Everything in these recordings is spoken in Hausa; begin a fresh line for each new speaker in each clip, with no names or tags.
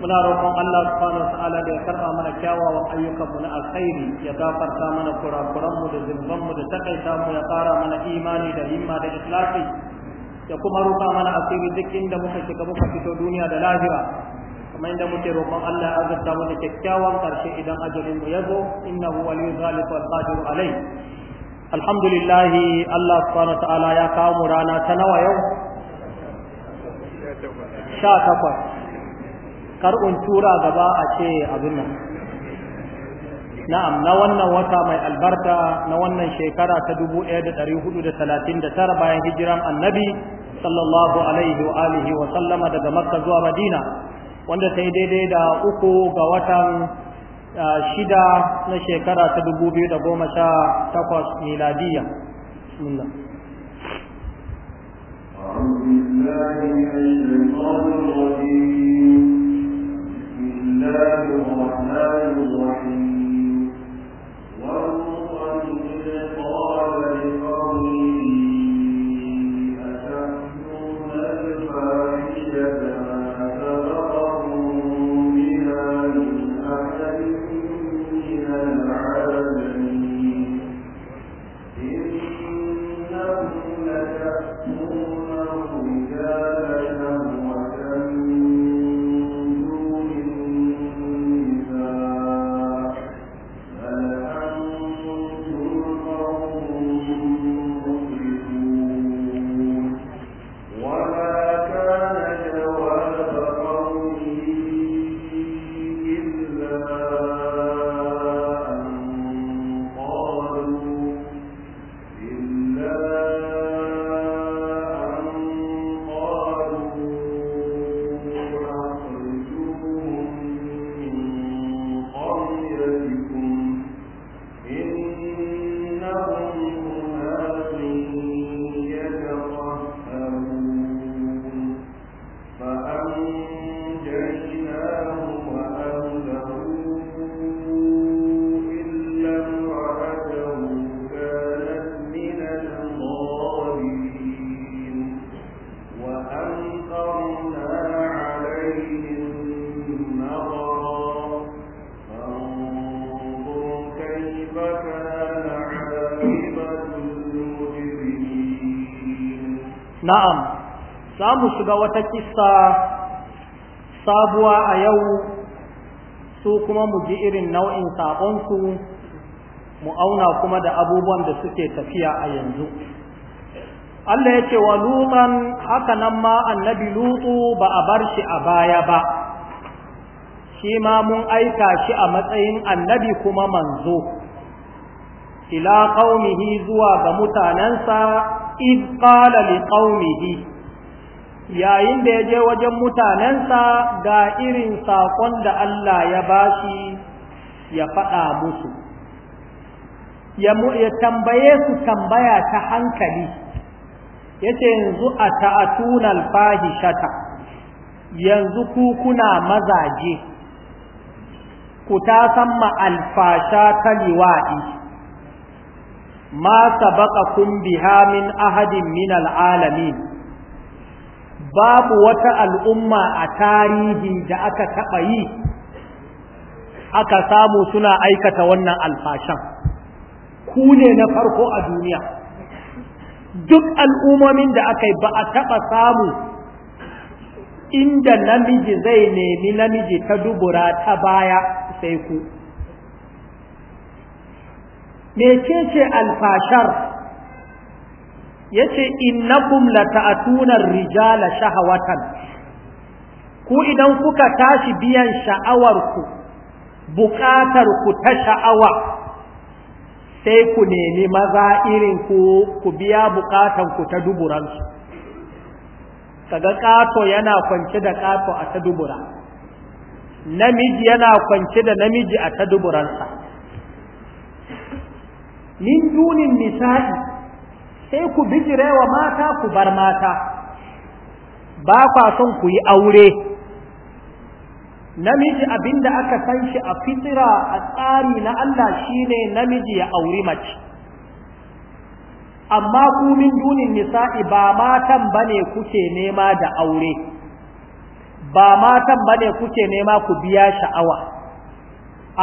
muna roƙon Allah subhanahu wataala da ya karɓa mana kyawawan ayyukanmu na alkhairi ya gafarta mana kurakuranmu da zunubanmu da takaita mu ya ƙara mana imani da himma da ikhlasi ya kuma roƙa mana asiri duk inda muka shiga muka fito duniya da lahira kuma inda muke roƙon Allah ya azurta mana kyakkyawan ƙarshe idan ajalin mu ya zo innahu waliyyu zalika wal qadiru alayh alhamdulillah Allah subhanahu wataala ya kawo mu rana ta nawa yau sha takwas kar'un tura gaba a ce abin nan na'am na wannan wata mai albarka na wannan shekara ta 1439 bayan hijiran annabi sallallahu alaihi wa alihi wa sallama daga makka zuwa madina wanda ta yi daidai da uku ga watan shida na shekara ta 2018 miladiyya bismillah
أعوذ بالله من الشيطان الرجيم الله الرحمن الرحيم والمؤمن قال لقومه
za mu shiga wata kisa sabuwa a yau su kuma mu ji irin nau'in saƙonsu mu auna kuma da abubuwan da suke tafiya a yanzu Allah ya ce wa lutan haka nan ma annabi lutu ba a bar shi a baya ba shi ma mun aika shi a matsayin annabi kuma manzo ila qaumihi zuwa ga mutanensa iz qala li yayin da ya je wajen mutanensa ga irin saƙon da Allah ya bashi ya faɗa musu, ya tambaye su tambaya ta hankali, ya ce yanzu a ta'atunan fahishata, yanzu ku kuna mazaje, ku ta samma alfasha ta liwa'i, ma sabaka kun biha min ahadin min al'alamin. babu wata al'umma a tarihi da aka taɓa yi aka samu suna aikata wannan alfashan ku ne na farko a duniya duk al'ummomin da aka yi ba a taɓa samu inda namiji zai nemi namiji ta dubura ta baya sai ku ce alfashar yace innakum lata'tuna ar-rijala shahawatan ku idan kuka tashi biyan sha'awarku bukatar ku ta sha'awa sai ku nemi maza irin ku ku biya bukatan ku ta duburansu kaga kato yana kwance da kato a ta dubura namiji yana kwance da namiji a ta duburansa min dunin nisa'i sai ku wa mata ku bar mata ba kwa son ku yi aure namiji abinda aka san shi a fitira a tsari na Allah shine namiji ya auri mace amma ku min dunin nisa'i ba matan bane kuke nema da aure ba matan bane kuke nema ku biya sha'awa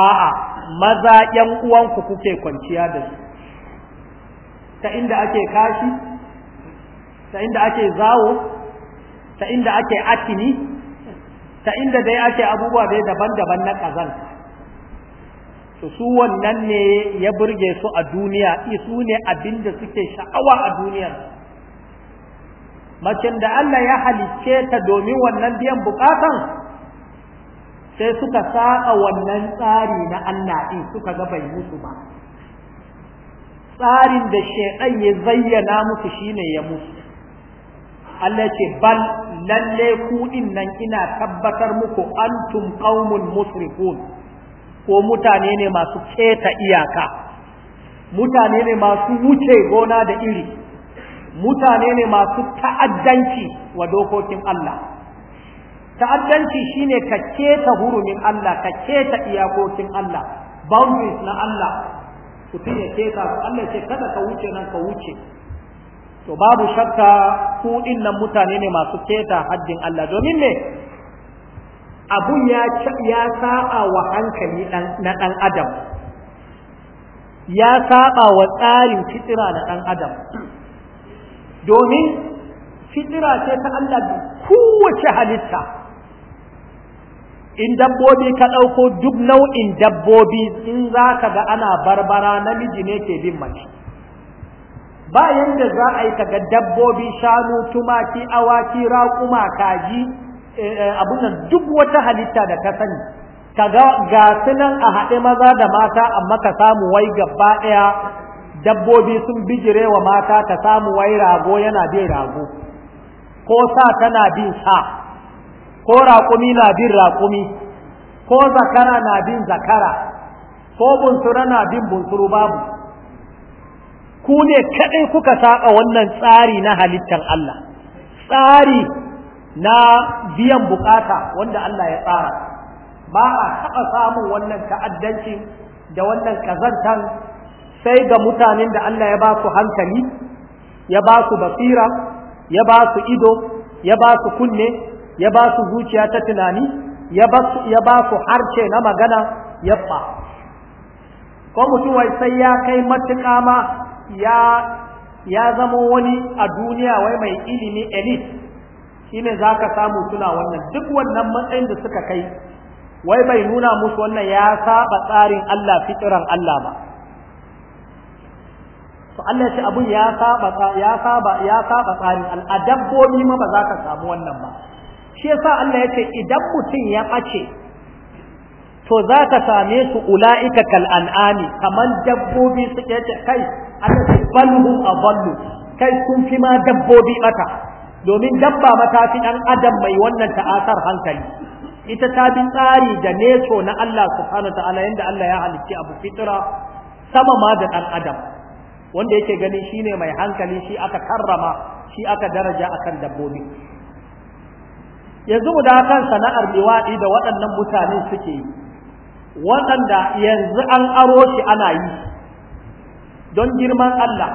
a'a maza 'yan uwanku kuke kwanciya da su ta inda ake kashi ta inda ake zawo ta inda ake atini ta inda dai ake abubuwa dai daban-daban na kazan, to su wannan ne ya burge su a duniya su ne abinda suke sha'awa a duniyar macen da Allah ya halicce ta domin wannan biyan bukatan sai suka saƙa wannan tsari na Allah ɗin suka ga bai musu ba tsarin da shaiɗan ya zayyana musu shine ya musu Allah ce bal lalle kuɗin nan ina tabbatar muku antum qaumun musrifun ko mutane ne masu keta iyaka mutane ne masu wuce gona da iri mutane ne masu ta'addanci wa dokokin Allah ta'addanci shine ka keta hurumin Allah ka keta iyakokin Allah boundaries na Allah Ku ya keka, Allah ce kada ka wuce nan ka wuce to babu shakka ku din nan mutane ne masu keta haddin Allah domin me abun ya ya wa hankali na dan adam ya saba wa tsarin fitira na dan adam domin fitira ce ta Allah kowace halitta in dabbobi ka ɗauko duk nau'in dabbobi in za ka ga ana barbara namiji ne ke bin mace ba yadda za a yi kaga dabbobi shanu tumaki awaki raƙuma kaji eh, eh, abin nan duk wata halitta da ta sani kaga ga su nan a haɗe maza da mata amma ka samu wai gaba ɗaya dabbobi sun bijire wa mata ka samu wai rago yana bin rago ko sa tana bin sa ko raƙumi na bin raƙumi ko zakara na bin zakara ko bunsura na bin bunsuru babu ku ne kaɗai kuka saƙa wannan tsari na halittar Allah tsari na biyan bukata wanda Allah ya tsara ba a taɓa samun wannan ta'addanci da wannan ƙazantar sai ga mutanen da Allah ya ba su hankali ya ba su basira ya ba su ido ya ba su kunne ya ba su zuciya ta tunani ya ba su harce na magana ya fa ko mutum wai sai ya kai matuƙa ma ya ya zama wani a duniya wai mai ilimi elite za ka samu suna wannan duk wannan matsayin da suka kai wai bai nuna musu wannan ya saba tsarin Allah fitiran Allah ba to Allah shi ce abun ya saba ya tsarin al ma ba za ka samu wannan ba shi yasa Allah ya ce idan mutum ya bace to za ka same su ula'ika kal an'ami kamar dabbobi suke ce kai Allah ce balhu a ballu kai sun fi ma dabbobi mata. domin dabba matafi fi ɗan adam mai wannan ta'asar hankali ita ta bi tsari da neco na Allah subhanahu ta'ala yanda Allah ya halicci abu fitra sama ma da ɗan adam wanda yake ganin shine mai hankali shi aka karrama shi aka daraja akan dabbobi yanzu mu da kan sana'ar biwadi da waɗannan mutane suke yi waɗanda yanzu an aro shi ana yi don girman Allah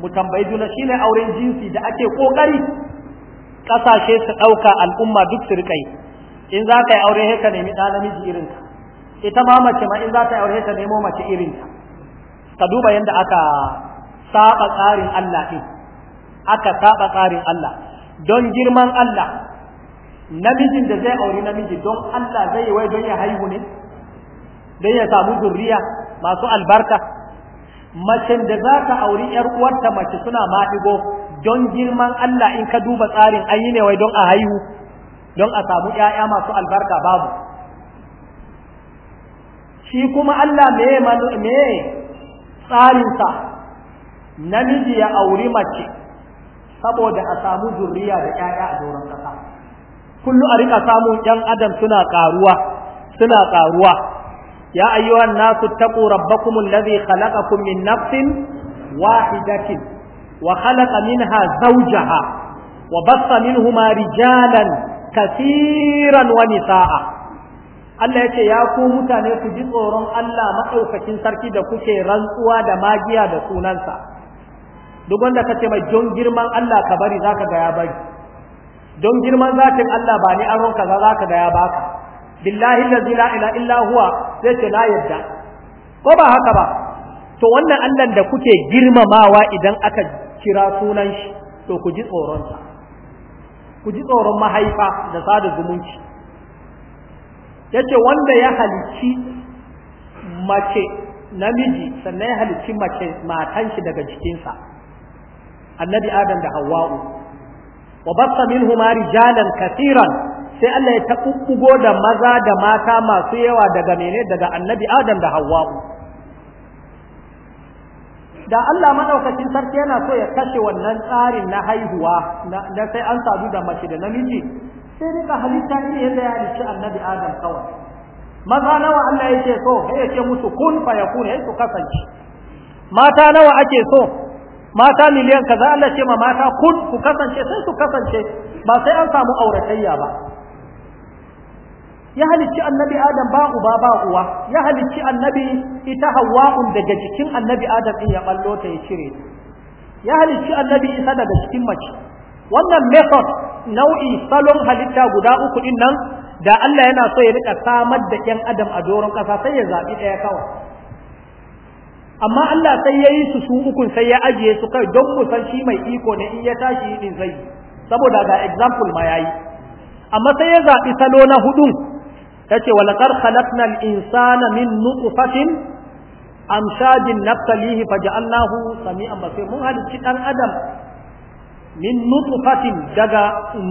mu tambayi juna shine auren jinsi da ake kokari ƙasashe su ɗauka al'umma duk su riƙa yi in za ka yi aure sai ka nemi ɗan namiji irin ka, ita ma mace ma in za ka yi aure ka nemo mace irin ka duba yanda aka saba tsarin Allah ɗin aka saba tsarin Allah don girman Allah namijin da zai auri namiji don Allah zai yi wai don ya haihu ne don ya samu zurriya masu albarka macen da za ka auri yar uwarta mace suna maɗigo don girman Allah in ka duba tsarin an yi ne wai don a haihu don a samu ‘ya'ya masu albarka babu shi kuma Allah me tsarinsa namiji ya auri mace saboda a samu zurriya da ‘ya'ya a doron ƙasa Kullu a rika samun yan adam suna karuwa suna karuwa ya ayyuhan nasu taqu rabbakum alladhi khalaqakum min nafsin wahidatin wa khalaqa minha zawjaha wa bassa minhuma rijalan kasiran wa nisaa Allah ya ce ya ku mutane ku ji tsoron Allah madaukakin sarki da kuke rantsuwa da magiya da sunansa duk wanda ka ce mai jon girman Allah ka bari zaka ga ya bari don girman zatin Allah ba ni za kaza zaka da ya baka billahi allazi la ilaha illa huwa sai ce la yadda ko ba haka ba to wannan Allah da kuke girmamawa idan aka kira sunan shi to ku ji tsoron sa ku ji tsoron mahaifa da sada zumunci yace wanda ya halici mace namiji sannan ya halici mace matan shi daga jikinsa annabi adam da hawwa'u wa bassa humari rijalan katiran sai Allah ya taƙuƙugo da maza da mata masu yawa daga mene daga annabi Adam da Hawwa'u da Allah maɗaukacin sarki yana so ya kashe wannan tsarin na haihuwa na sai an sadu da mace da namiji sai rika halitta ne yadda ya halicci annabi Adam kawai maza nawa Allah yake so sai ce musu kun fa yakun sai su kasance mata nawa ake so mata miliyan kaza Allah ce ma mata kun ku kasance sai su kasance ba sai an samu auratayya ba ya halicci annabi adam ba uba ba uwa ya halicci annabi ita hawa'un daga jikin annabi adam din ya ballo ta ya cire ya halicci annabi isa daga cikin mace wannan method nau'i salon halitta guda uku din nan da Allah yana so ya rika samar da ƴan adam a doron ƙasa sai ya zaɓi ɗaya kawai amma Allah sai ya yi su su ukun sai ya ajiye su kai don mu san shi mai iko ne in ya tashi din zai saboda ga example ma yayi amma sai ya zaɓi salo na hudun tace wala qad khalaqna al-insana min nutfatin amshajin nabtalihi faja'alnahu sami'an basir mun halicci dan adam min nutfatin daga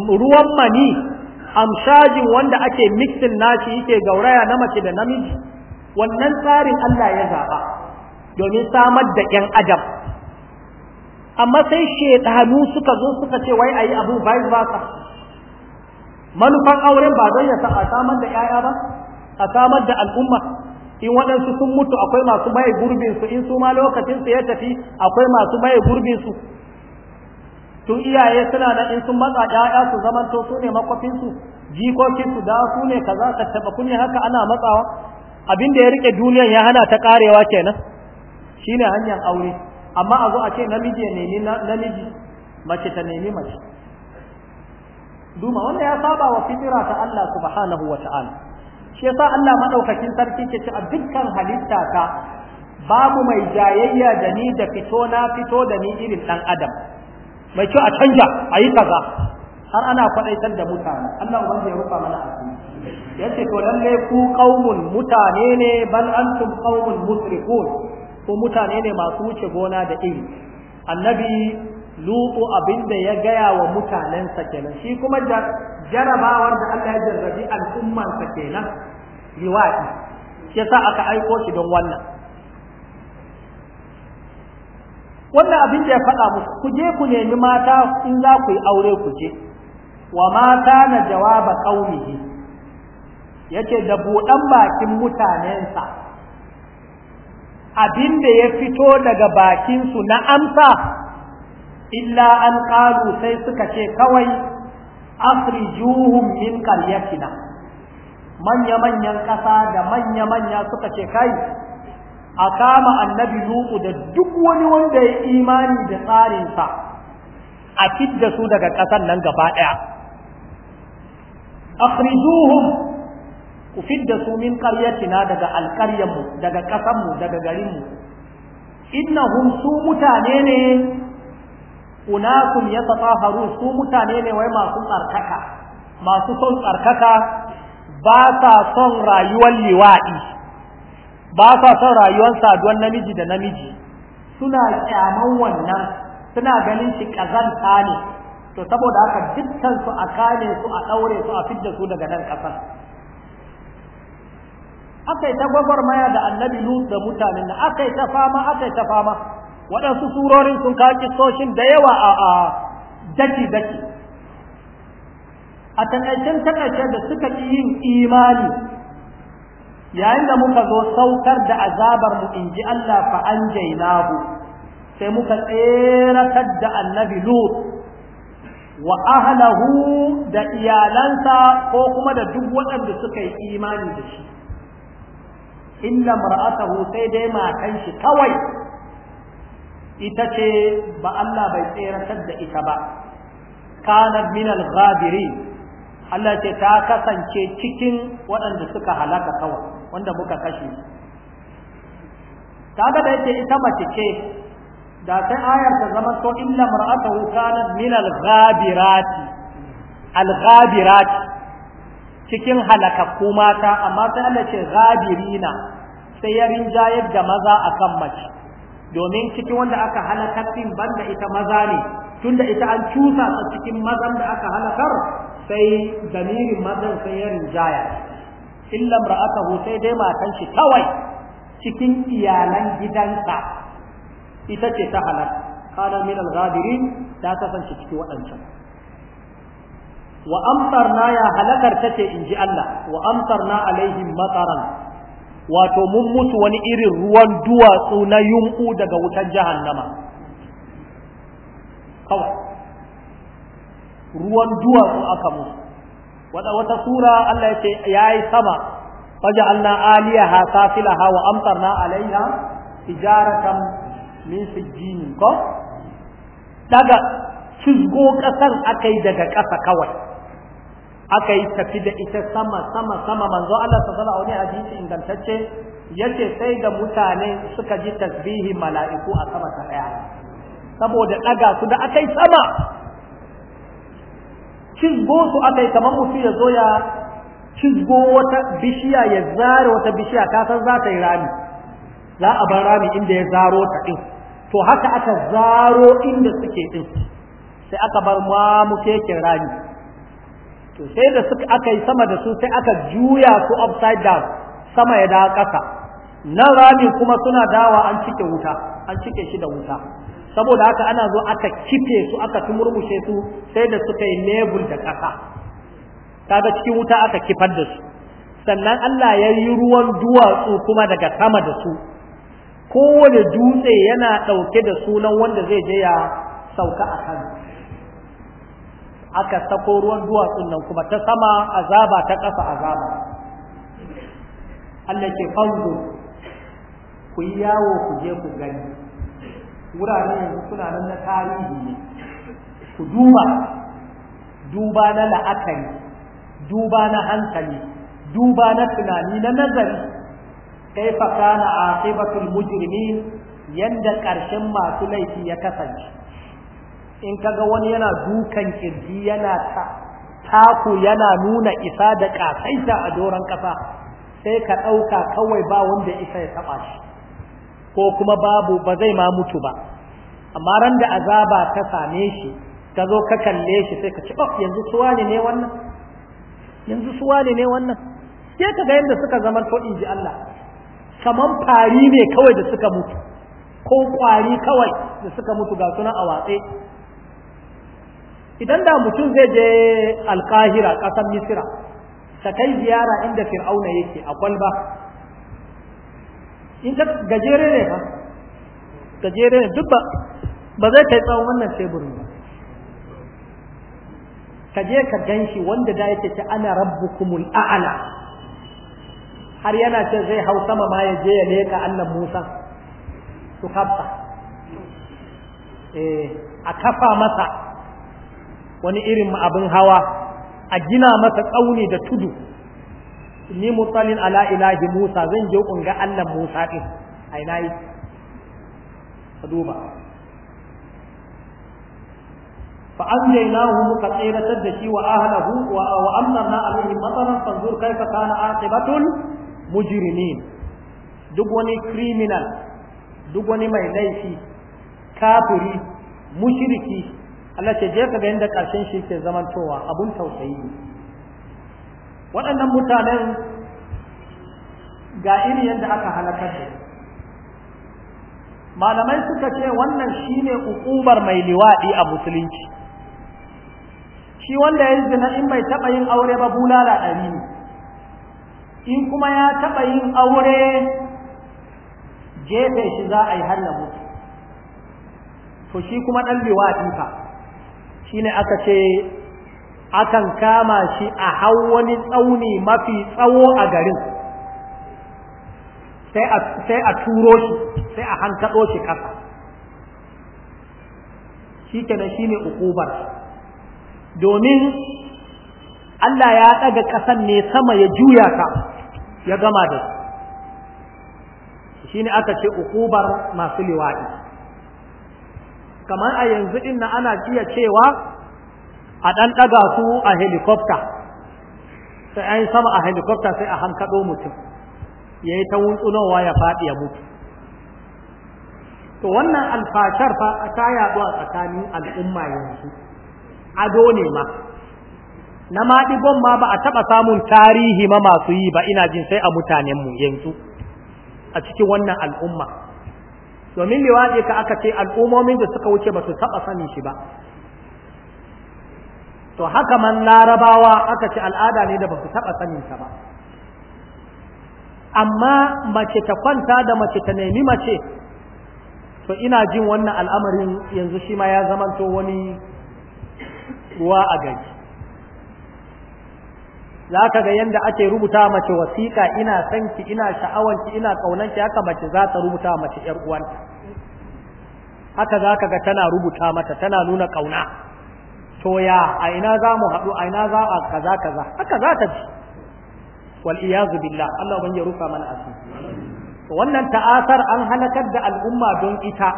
ruwan mani amshajin wanda ake mixin nashi yake gauraya na mace da namiji wannan tsarin Allah ya zaɓa. domin samar da ‘yan adam amma sai shaidanu suka zo suka ce wai a yi abu vice manufan auren ba zai yasa a samar da ‘ya'ya ba a samar da al'umma in waɗansu sun mutu akwai masu maye gurbinsu in su ma lokacinsu ya tafi akwai masu maye gurbinsu tun iyaye suna da in sun matsa 'ya'ya su zamanto su ne makwafinsu jikokinsu da su ne kaza ka taɓa kunne haka ana matsawa abin da ya rike duniyan ya hana ta ƙarewa kenan shine hanyar aure amma a zo a ce namiji ya nemi namiji mace ta nemi mace duma wanda ya saba wa fitira ta Allah subhanahu wa ta'ala shi yasa Allah madaukakin sarki ke ce a dukkan halitta ta babu mai jayayya da ni da fito na fito da ni irin ɗan adam mai kyau a canja a yi kaza har ana faɗaitar da mutane Allah wanda ya rufa mana asiri yace to lalle ku qaumun mutane ne bal antum qaumun musrifun ko mutane ne masu wuce gona da iri annabi lutu abinda ya gaya wa mutanensa kenan shi kuma jarabawar da Allah ya jarrabi sa kenan riwayi shi yasa aka aiko shi don wannan wannan abin da ya faɗa musu ku je ku nemi mata in za ku yi aure ku je wa mata na jawaba kaumihi yace da buɗan bakin mutanensa abin da ya fito daga bakin su na amsa illa an ƙalu sai suka ce kawai afrijuhum min qaryatina manya-manyan ƙasa da manya-manya suka ce kai a kama annabi lutu da duk wani wanda ya imani da tsarinsa a fidda su daga ƙasan nan gaba ɗaya afrijuhum ku fidda su min karyatina daga alqaryanmu daga ƙasanmu daga garinmu innahum su mutane ne unakum yatataharu su mutane ne wai masu tsarkaka masu son tsarkaka ba sa son rayuwar liwaɗi ba sa son rayuwar saduwar namiji da namiji suna kyaman wannan suna ganin shi kazanta ne to saboda haka dukkan su a kane su a ɗaure su a fidda su daga nan ƙasar aka yi ta gwagwarmaya da annabi lut da mutanen nan aka yi ta fama aka yi ta fama waɗansu surorin sun kawo kisoshin da yawa a daki daki a takaicen takaice da suka ƙi yin imani yayin da muka zo saukar da azabar mu in ji Allah fa an jainahu sai muka tseratar da annabi lut wa ahlahu da iyalansa ko kuma da duk waɗanda suka yi imani da shi illa mar'atahu sai dai matan shi kawai ita ce ba Allah bai tseratar da ita ba kanat min al Allah ce ta kasance cikin waɗanda suka halaka kawai wanda muka kashe ta ga da yake ita mace ce da sai ayar ta zama to illa mar'atahu kanat min al-ghabirati al-ghabirati cikin halakakku mata amma sai Allah ce gabirina sai ya rinjayar da maza akan mace domin cikin wanda aka halakar din banda ita maza ne tunda ita an cusa ta cikin mazan da aka halakar sai damirin mazan sai ya rinjaya illa ra'atahu sai dai matan shi kawai cikin iyalan gidansa ita ce ta halaka kana min al-ghabirin ta kasance cikin waɗancan wa amtarna ya halakar tace in ji Allah wa amtarna alaihim mataran wato mun mutu wani irin ruwan duwatsu na yunku daga wutan jahannama kawai ruwan duwatsu aka mutu. wata wata sura Allah ya yayi sama faja'alna aliyaha safilaha wa amtarna alaiha tijaratan min sijjin ko daga cizgo kasar akai daga ƙasa kawai aka yi tafi da ita sama sama sama manzo Allah sallallahu alaihi wasallam hadisi ingantacce yace sai da mutane suka ji tasbihi mala'iku a sama ta daya saboda daga su da akai sama cizgo su akai kamar mutum ya zo ya cizgo wata bishiya ya zare wata bishiya ta san za ta yi rami za a bar rami inda ya zaro ta din to haka aka zaro inda suke din sai aka bar mamu keken rami to sai da suka aka yi sama da su sai aka juya su upside down sama ya dawo ƙasa nan rami kuma suna dawa an cike wuta an cike shi da wuta saboda haka ana zo aka kife su aka tumurmushe su sai da suka yi lebur da ƙasa kaga cikin wuta aka kifar da su sannan Allah ya yi ruwan duwatsu kuma daga sama da su kowane dutse yana ɗauke da sunan wanda zai je ya sauka a kansu aka sako ruwan duwatsun nan kuma ta sama azaba ta ƙasa azaba Allah ke fanzo ku yi yawo ku je ku gani wuraren yanzu suna nan na tarihi ne ku duba duba na la'akari duba na hankali duba na tunani na nazari kaifa kana aqibatul mujrimin yanda ƙarshen masu laifi ya kasance in kaga wani yana dukan kirji yana ta taku yana nuna isa da kasaita a doron kasa sai ka ɗauka kawai ba wanda isa ya taɓa shi ko kuma babu ba zai ma mutu ba amma ran da azaba ta same shi ka zo ka kalle shi sai ka ci oh yanzu suwa ne wannan yanzu suwa ne wannan sai ka ga yadda suka zama to inji Allah kaman fari ne kawai da suka mutu ko kwari kawai da suka mutu ga suna a watse idan da mutum zai je alkahira ƙasar misira ta kai ziyara inda fir'auna yake a kwalba in ta gajere ne fa gajere ne duk ba zai kai tsawon wannan teburin ba ka je ka gan shi wanda da yake ce ana rabbukumul a'ala har yana ce zai hau sama ma ya je ya leka Allah Musa su kafa eh, a kafa masa wani irin abin hawa a gina masa tsauni da tudu ni mutsalin ala ilahi Musa zan je ga Allah Musa din ai nayi ka duba fa anjaynahu muka tsiratar da shi wa ahlahu wa wa amtarna alaihim mataran fanzur kaifa kana aqibatul mujrimin duk wani criminal duk wani mai laifi kafiri mushriki Allah ce jefa ka ga yadda ƙarshen shi ke zamantowa abun tausayi waɗannan mutanen ga iri yadda aka halakar da malamai suka ce wannan shine hukumar mai liwaɗi a musulunci shi wanda ya zina in bai taɓa yin aure ba bulala ɗari ne in kuma ya taɓa yin aure jefe shi za a yi har mutu to shi kuma ɗan liwaɗi ka shine aka ce akan kama shi a hau wani tsauni mafi tsawo a garin sai a turo shi sai a hankaɗo shi ƙasa shi kenan shi ne ukubar domin Allah ya ɗaga ƙasan ne sama ya juya ka ya gama da shi ne aka ce ukubar masu liwaɗi kamar a yanzu din na ana iya cewa a ɗan ɗaga su a helikofta, sai an sama a helikofta sai a hankaɗo mutum ya yi ta wuntsunowa ya faɗi ya mutu to wannan alfashar fa ta yaɗu a tsakanin al'umma yanzu ado ne ma na maɗigon ma ba a taɓa samun tarihi ma masu yi ba ina jin sai a mutanenmu yanzu a cikin wannan al'umma domin liwaɗi ka aka ce al'ummomin da suka wuce ba su taɓa sanin shi ba to haka man larabawa aka ce al'ada ne da ba su taɓa sanin sa ba amma mace ta kwanta da mace ta nemi mace to ina jin wannan al'amarin yanzu shi ma ya zamanto wani ruwa a gari za ka ga yadda ake rubuta mace wasiƙa ina sanki ina sha'awanki ina ƙaunanki haka mace za ta rubuta mace ƴar uwanta haka za ka ga tana rubuta mata tana nuna ƙauna to ya a ina za mu haɗu a ina za a kaza kaza haka za ta ji wal iyazu billah Allah ban ya rufa mana asiri wannan ta'asar an halakar da al'umma don ita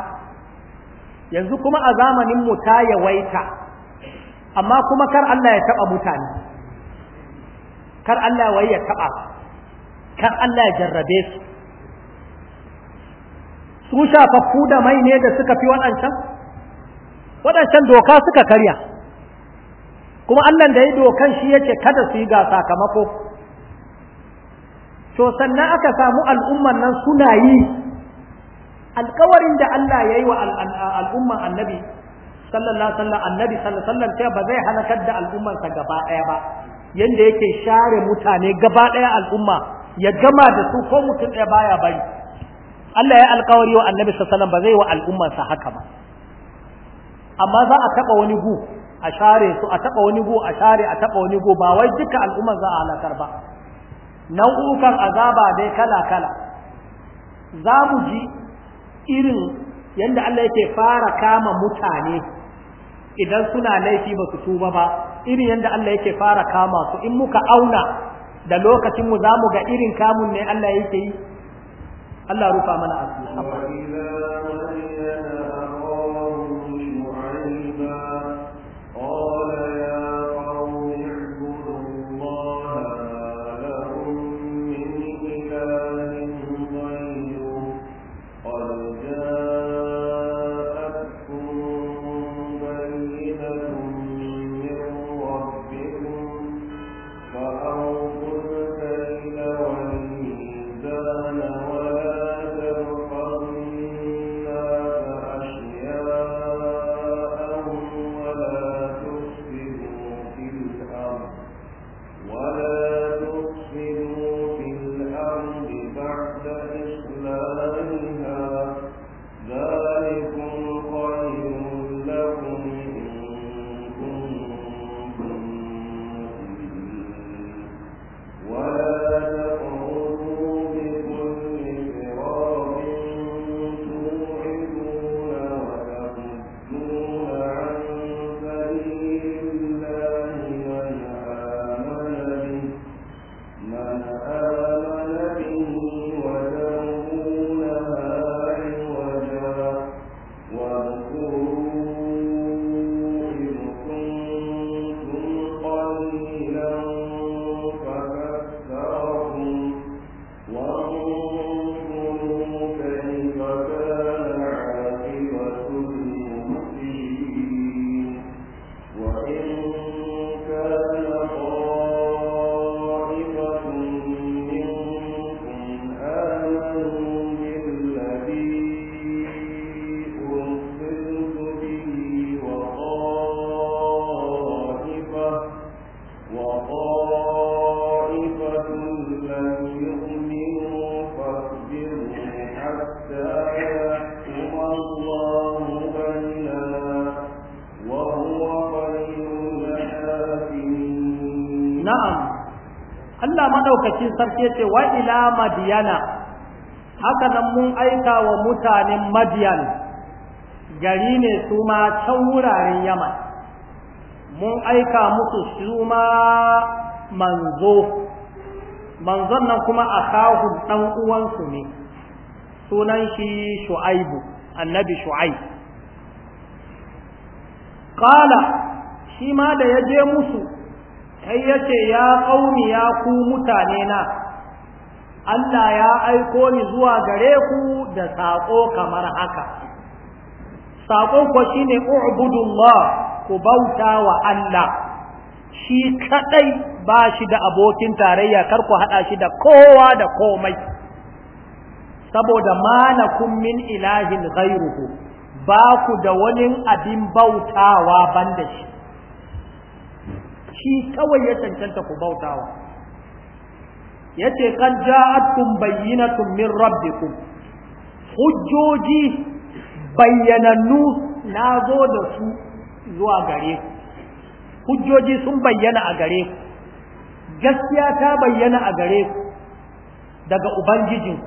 yanzu kuma a zamanin mu ta yawaita amma kuma kar Allah ya taɓa mutane kar Allah wai ya taɓa kar Allah ya jarrabe su su shafaffu da mai ne da suka fi waɗancan waɗancan doka suka karya kuma Allah da ya dokan shi yake kada su yi ga sakamako to sannan aka samu al'umman nan suna yi alkawarin da Allah ya yi wa al'umman annabi sallallahu alaihi wasallam annabi sallallahu alaihi wasallam ba zai hana kadda al'ummansa gaba ɗaya ba Yadda yake share mutane gaba ɗaya al'umma ya gama da su ko mutum ɗaya baya bari Allah ya alkawari wa annabi sallallahu ba zai wa al'ummarsa haka ba amma za a taɓa wani gu a share su a taɓa wani gu a share a taɓa wani gu ba wai duka al'ummar za a halakar ba nau'ukan azaba dai kala kala za mu ji irin yadda Allah yake fara kama mutane idan suna laifi ba su tuba ba irin yadda Allah yake fara kama su in muka auna da lokacin mu za mu ga irin kamun ne Allah yake yi Allah rufa mana asiri madaukakin sarki yace wa ila madiyana haka nan mun aika wa mutanen madiyan gari ne su ma can wuraren yaman mun aika musu su ma manzo manzon nan kuma a kahun ɗan uwansu ne sunan shi shu'aibu annabi shu'aib kala shi ma da ya je musu sai ya ce ya ƙauni ya ku mutane na Allah ya aiko ni zuwa gare ku da saƙo kamar haka saƙon ku shine ubudullah ku bauta wa Allah shi kaɗai ba shi da abokin tarayya kar ku haɗa shi da kowa da komai saboda mana min ilahin ghairuhu ba ku da wani abin bautawa da shi shi kawai ya cancanta ku bautawa ya ce kan ja'atun bayyanatun min rabbikum hujjoji bayyanannu na zo da su zuwa gare hujjoji sun bayyana a gare gaskiya ta bayyana a gare daga ubangijin,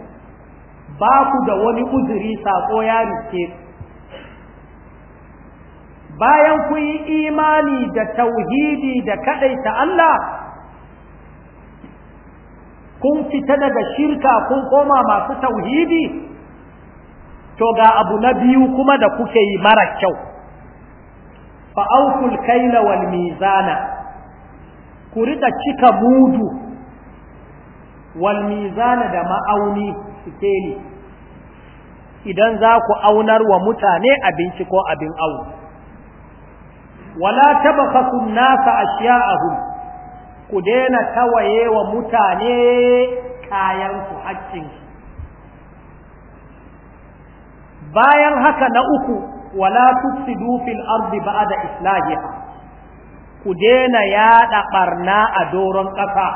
ba ku da wani uzuri sako ya rike bayan ku yi imani da tauhidi da ta Allah kun fita daga shirka kun koma masu tauhidi to ga abu na biyu kuma da kuke yi mara kyau fa'aukul kaila wal mizana ku rika cika mudu wal mizana da ma'auni suke ne, idan za ku aunar wa mutane abinci ko abin auni wala tabakhasu nasa ashya'ahum ku daina tawaye wa mutane kayan su haƙƙin bayan haka na uku wala tufsidu fil ardi ba'da islahiha ku daina yada barna a doron ƙasa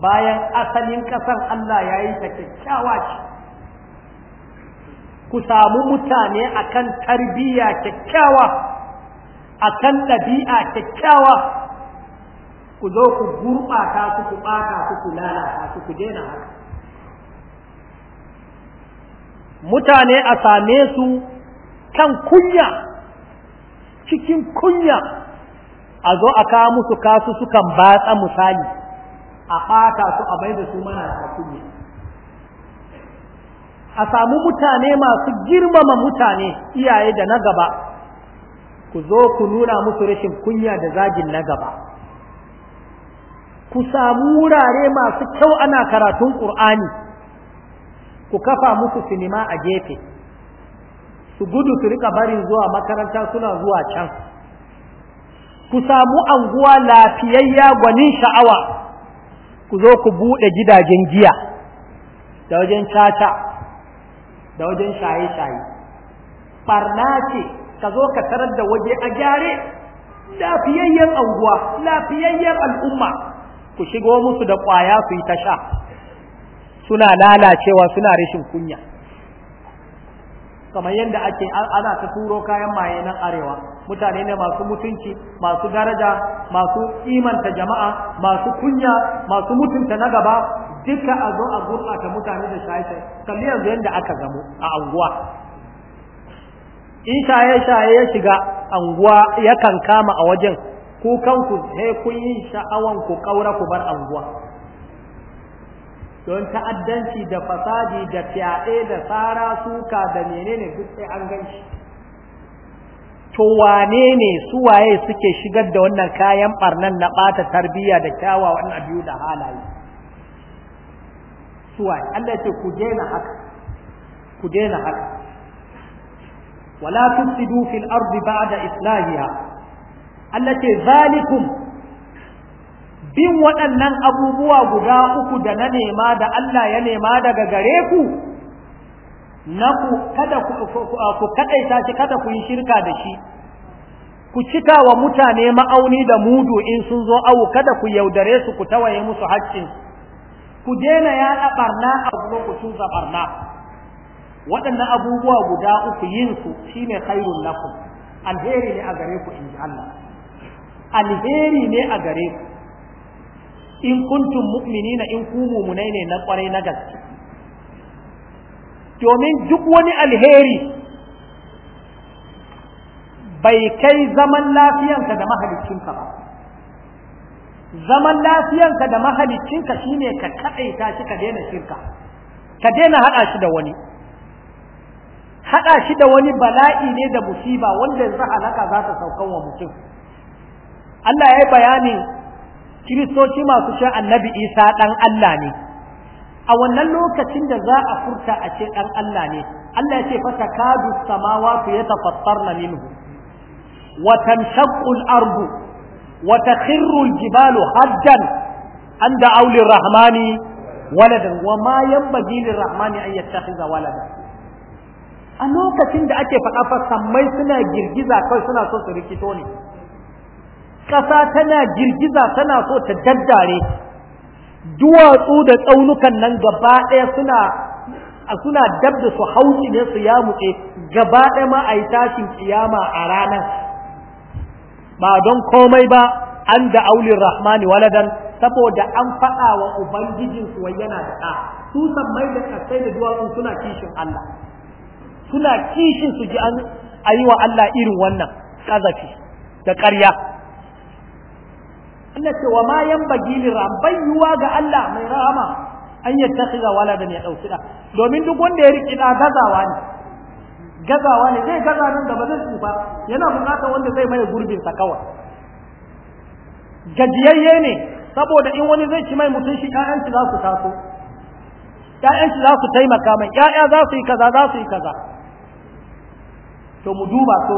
bayan asalin ƙasar Allah ya yi ta kyakkyawa ce ku samu mutane akan tarbiyya kyakkyawa a kan ɗabi'a kyakkyawa ku zo ku gurɓata su, ku ɓata su, ku lalata su ku daina haka mutane a same su kan kunya cikin kunya a zo a kawo musu kasu sukan batsa misali a ɓata su a bai da su mana kunya a samu mutane masu girmama mutane iyaye da na gaba ku zo ku nuna musu rashin kunya da zagin na gaba ku samu wurare masu kyau ana karatun ƙur'ani ku kafa musu sinima a gefe su gudu su rika barin zuwa makaranta suna zuwa can ku samu anguwa lafiyayya gwanin sha'awa ku zo ku buɗe gidajen giya da wajen caca da wajen shaye-shaye ɓarna ce ka zo ka tarar da waje a gyare lafiyayyen anguwa lafiyayyen al'umma ku shigo musu da ƙwaya su yi ta sha suna lalacewa suna rashin kunya kamar yadda ake ana ta turo kayan maye nan arewa mutane ne masu mutunci masu daraja masu imanta jama'a masu kunya masu mutunta na gaba duka a zo a gurɓata mutane da shaye-shaye kalli yanzu yadda aka zamo a anguwa in shaye-shaye ya shiga anguwa yakan kama a wajen ku kanku sai kun yi sha'awan ku kaura ku bar anguwa don ta'addanci da fasadi da fyaɗe da tsara suka da menene duk sai an gan shi to wane ne su waye suke shigar da wannan kayan barnan na ɓata tarbiyya da kyawawan abiyu da halaye waye Allah ce ku daina haka ku daina haka wala tufsidu fil ardi ba'da islahiha Allah ce bin waɗannan abubuwa guda uku da na nema da Allah ya nema daga gare ku na ku kada ku kadaita shi kada ku yi shirka da shi ku cika wa mutane ma'auni da mudu in sun zo awu kada ku yaudare su ku tawaye musu haccin. ku daina yaɗa ɓarna a kuma ku sun ɓarna waɗannan abubuwa guda uku yin su shine khairun lakum alheri ne a gare ku in ji Allah alheri ne a gare ku in kuntum mu'minina in ku mumunai ne na kwarai na gaske domin duk wani alheri bai kai zaman lafiyanka da mahaliccinka ba zaman lafiyanka da mahaliccinka shine ka kadaita shi ka daina shirka ka daina haɗa shi da wani haɗa shi da wani bala'i ne da musiba wanda yanzu halaka za ta saukan wa mutum Allah ya yi bayani kiristoci masu shan annabi isa ɗan Allah ne a wannan lokacin da za a furta a ce ɗan Allah ne Allah ya ce fata kadu samawatu ya tafattarna minhu wa tanshaqqu ardu wa takhirru al-jibalu haddan an da'u lir-rahmani waladan wa ma yanbaghi lir an yattakhidha waladan a lokacin da ake faɗa fa sammai suna girgiza kawai suna so su rikito ne ƙasa tana girgiza tana so ta daddare duwatsu da tsaunukan nan gaba ɗaya suna suna dab su hauci ne su yamuke gaba ɗaya ma a yi tashin kiyama a ranar ba don komai ba an da aulin rahmani waladan saboda an faɗa wa ubangijinsu wai yana da ɗa su sammai da ƙasai da duwatsu suna kishin Allah suna kishin su ji an yi wa Allah irin wannan kazafi da ƙarya Allah ce wa ma yanbaghi liram bayyuwa ga Allah mai rahama an yattakhiza waladan ya dauki da domin duk wanda ya riki da gazawa ne gazawa ne zai gaza nan da ba zai tsufa yana bukatar wanda zai mai gurbin sa kawai gajiyayye ne saboda in wani zai ci mai mutum shi ƴaƴan za su taso ƴaƴan za su taimaka mai ƴaƴa za su yi kaza za su yi kaza to mu duba to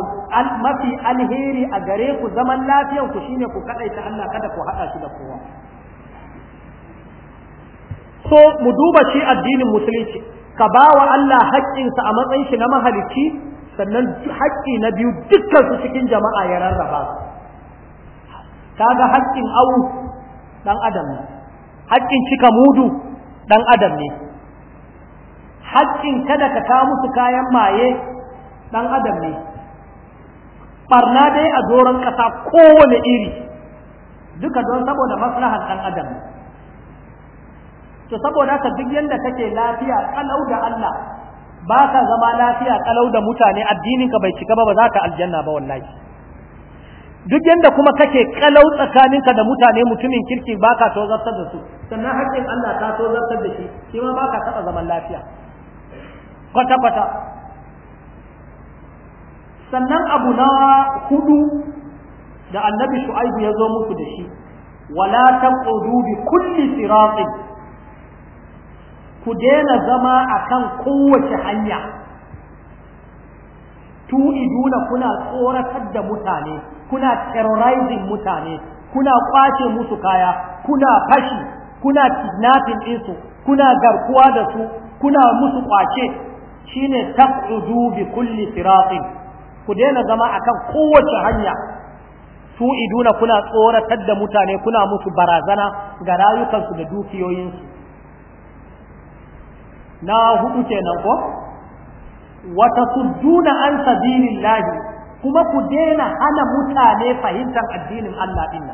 mafi alheri a gare ku zaman lafiyar ku shine ku kadaita Allah kada ku hada shi da kowa so mu duba shi addinin musulunci ka ba wa Allah haƙƙinsa a matsayin shi na mahalicci sannan haƙƙi na biyu dukkan su cikin jama'a ya rarraba su kaga haƙƙin awu dan adam ne haƙƙin cika mudu dan adam ne haƙƙin kada ka kawo musu kayan maye ɗan adam ne ɓarna dai a doron ƙasa kowane iri duka don saboda maslahar ɗan adam to saboda ka duk yadda kake lafiya kalau da Allah ba ka zama lafiya kalau da mutane addininka bai cika ba ba za ka aljanna ba wallahi duk yadda kuma kake kalau tsakaninka da mutane mutumin kirki ba ka zartar da su sannan haƙƙin Allah ka zartar da shi shi ma ba ka taɓa zaman lafiya kwata-kwata sannan abu na hudu da annabi shu'aibu ya zo muku da shi wala taqudu bi kulli siratin ku daina zama a kan kowace hanya na kuna tsoratar da mutane kuna terrorizing mutane kuna kwace musu kaya kuna fashi kuna kidnapping isu, kuna garkuwa da su kuna musu kwace shine taqudu bi kulli siratin ku daina zama a kan kowace hanya tu'iduna kuna tsoratar da mutane kuna musu barazana ga rayukansu da dukiyoyinsu na hudu kenan ko wata sudduna an lahi kuma ku daina hana mutane fahimtar addinin Allah din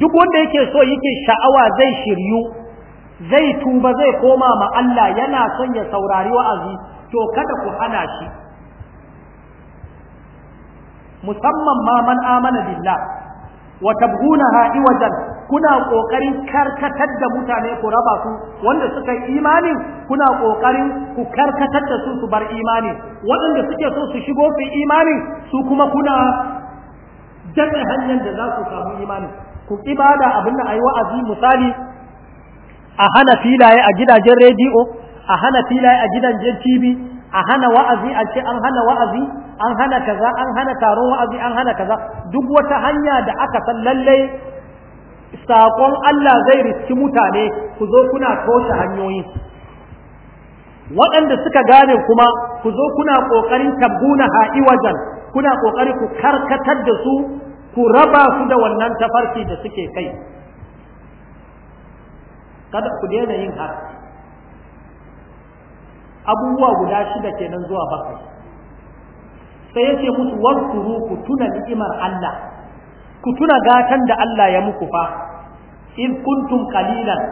duk wanda yake so yake sha'awa zai shiryu zai tuba zai koma ma Allah yana son ya saurari wa'azi to kada ku hana shi musamman ma man amana billah wa tabghunaha iwajan kuna kokarin karkatar da mutane ku raba su wanda suka yi imanin kuna kokarin ku karkatar da su su bar imani waɗanda suke so su shigo su imanin su kuma kuna jabe hanyar da za su samu imanin ku ibada abin da ayi wa'azi misali a hana filaye a gidajen rediyo a hana filaye a gidajen TV a hana wa'azi a ce an hana wa'azi an hana kaza an hana taron wa'azi an hana kaza duk wata hanya da aka san lallai saƙon Allah zai riski mutane ku zo kuna toshe hanyoyi waɗanda suka gane kuma ku zo kuna ƙoƙarin tabbuna ha'i wajen kuna ƙoƙari ku karkatar da su ku raba su da wannan tafarki da suke kai kada ku daina yin haka abubuwa guda shida kenan zuwa bakwai sai yace musu waskuru ku tuna ni'imar Allah ku tuna gatan da Allah ya muku fa in kuntum qalilan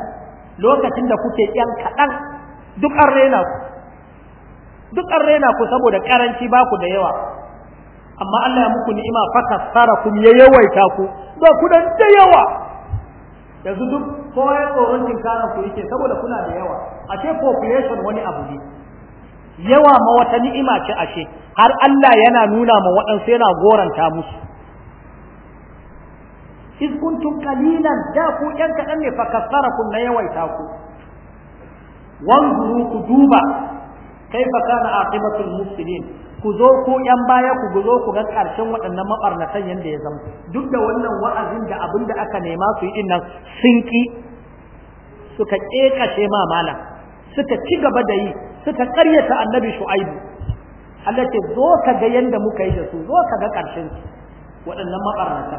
lokacin da kuke yan kadan duk an rena ku duk an rena ku saboda karanci ba ku da yawa amma Allah ya muku ni'ima fa kasarakum ya yawaita ku ba ku dan da yawa yanzu duk kowa ya tsoron tinkaran ku yake saboda kuna da yawa a ce population wani abu ne yawa ma wata ni'ima ce ashe har Allah yana nuna ma waɗansu yana goranta musu iz kuntum qalilan da ku yan kaɗan ne fa kasarakum na yawaita ku wanzuru ku duba kai fa kana aqibatul muslimin ku zo ku yan baya ku zo ku ga karshen waɗannan mabarnatan yanda ya zama duk da wannan wa'azin da abin da aka nema su yi dinnan sun ki suka kekashe ma mala suka ci gaba da yi suka karyata annabi shu'aibu Allah ce zo ka ga yanda muka yi da su zo ka ga karshen su waɗannan mabarnata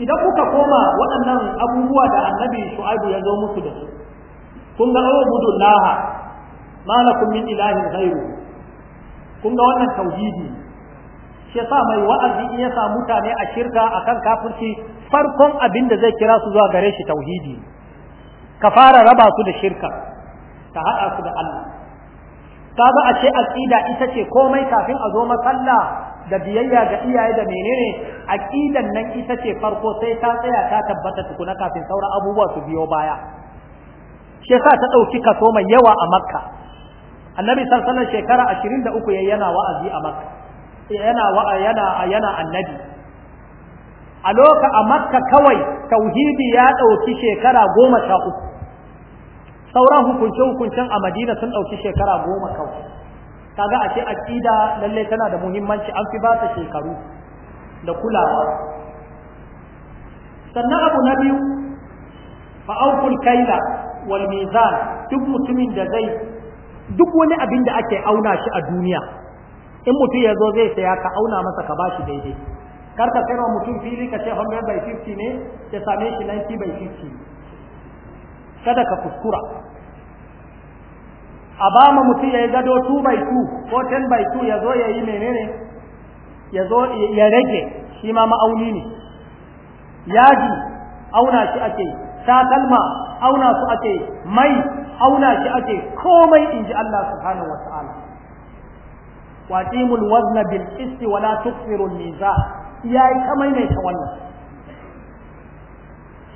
idan kuka koma waɗannan abubuwa da annabi shu'aibu ya zo musu da su kun ga abudu laha ma lakum min ilahin ghairu kun ga wannan tauhidi shi yasa mai wa'azi in ya sa mutane a shirka akan kafirci farkon abin da zai kira su zuwa gare shi tauhidi ka fara raba su da shirka ka haɗa su da Allah ba a ce aqida ita ce komai kafin a zo masalla da biyayya ga iyaye da menene aqidan nan ita ce farko sai ta tsaya ta tabbata tukuna kafin saura abubuwa su biyo baya shi yasa ta ɗauki kaso mai yawa a makka annabi sallallahu alaihi shekara 23 yana wa'azi a makka yana wa'a yana yana annabi a loka a makka kawai tauhidi ya ɗauki shekara goma 13 sauran hukunce hukuncen a madina sun ɗauki shekara goma kawai kaga a ce aƙida lallai tana da muhimmanci an fi ba ta shekaru da kulawa sannan abu na biyu aukul kaila wal mizan duk mutumin da zai duk wani abin da ake auna shi a duniya in mutum ya zo zai saya ka auna masa ka bashi daidai kar ka sayarwa mutum fili ka ce 100 by 50 ne ya same shi 90 by 50 kada ka kuskura a ba mu mutum ya yi gado 2 by 2 ko 10 by 2 ya zo ya yi menene ya zo ya rage shi ma ma'auni ne yaji auna shi ake takalma auna su ake mai auna shi ake komai in ji Allah subhanahu wa ta'ala wa timul wazna bil qisti wa la tuksiru al mizan yayi kamai mai ta wannan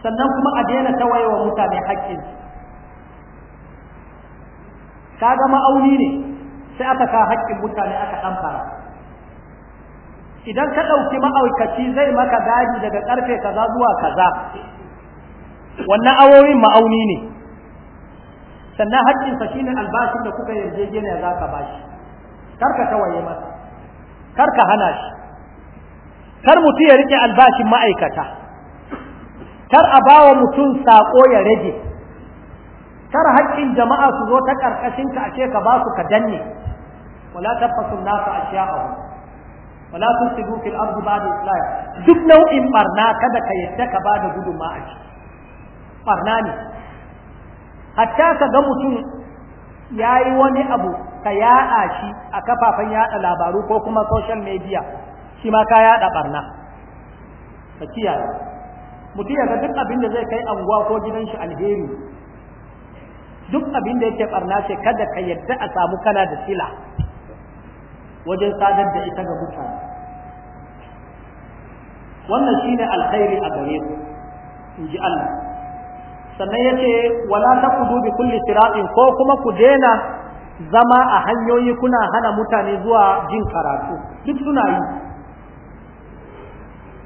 sannan kuma a daina tawayewa mutane haƙƙin kaga ma'auni ne sai aka ka haƙƙin mutane aka ɗamfara idan ka ɗauki ma'aikaci zai maka gadi daga ƙarfe kaza zuwa kaza wannan awowin ma'auni ne sannan haƙƙinsa shine albashin da kuka yarjejeniya za ka bashi karka tawaye masa karka hana shi kar mutum ya riƙe albashin ma'aikata kar a bawa mutum sako ya rage kar haƙƙin jama'a su zo ta ƙarƙashin ka a ce ka ba su ka danne wala tabbasun nasa ashya'ahu wala tusidu fil ardi ba'da islah duk nau'in barna kada ka yadda ka ba da gudunma a ciki barna ne hatta ka ga mutum yayi wani abu ka yaɗa shi a kafafen yaɗa labaru ko kuma social media shi ma ka yaɗa barna ka kiyaye mutum ya ga duk abin da zai kai anguwa ko gidan shi alheri duk abin da yake barna ce kada ka yadda a samu kana da sila wajen sadar da ita ga mutane wannan shine alkhairi a gare ku in ji Allah sannan yace wala taqudu bi kulli siratin ko kuma ku dena zama a hanyoyi kuna hana mutane zuwa jin karatu duk suna yi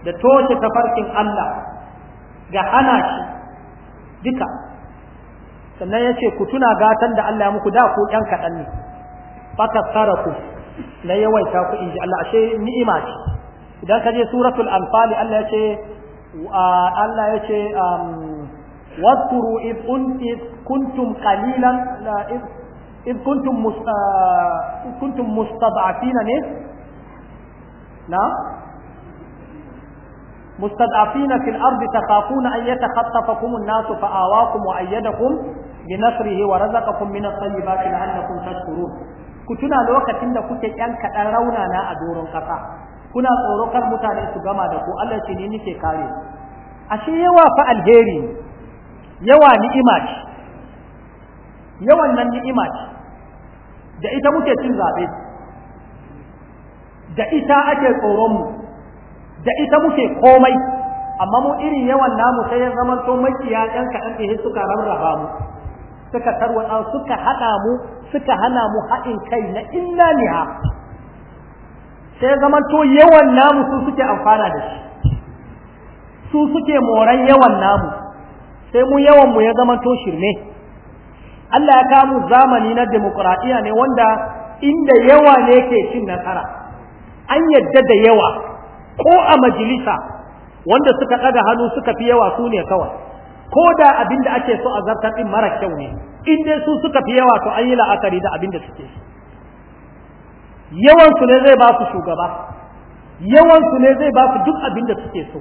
da toshe tafarkin Allah ga hana shi duka sannan ya ce ku tuna gatan da Allah ya muku da ku ɗan kaɗan ne fata tsara ku na yawaita ku in ji Allah ashe ni'ima ce idan ka je suratul anfali Allah ya ce Allah ya ce واذكروا إذ, إذ كنتم قليلا إذ كنتم مست... إذ كنتم مستضعفين مستضعفين في الأرض تخافون أن يتخطفكم الناس فآواكم وأيدكم بنصره ورزقكم من الطيبات لعلكم تشكرون كتنا لوقت إن كنت ينك أرونا نا أدور قطع كنا صورك المتانة سبما دكو ألا شنيني كاري أشي يوا فالهيري يوا نئمات يوا نئمات da ita muke cin zaɓe da ita ake tsoronmu da ita muke komai amma mu irin yawan namu sai ya zama to makiya ɗan kaɗan ɗin suka rarraba mu suka tarwata suka haɗa mu suka hana mu haɗin kai na inna niha sai zama to yawan namu su suke amfana da shi su suke moran yawan namu sai mu yawan mu ya zama to shirme Allah ya mu zamani na demokuraɗiyya ne wanda inda yawa ne ke cin nasara an yadda da yawa ko a majalisa wanda suka ɗaga hannu suka fi yawa su ne kawai ko da abin da ake so a zartar ɗin mara kyau ne in dai su suka fi yawa to an yi la'akari da abin da suke yawan su ne zai ba su shugaba yawansu ne zai ba su duk abin da suke so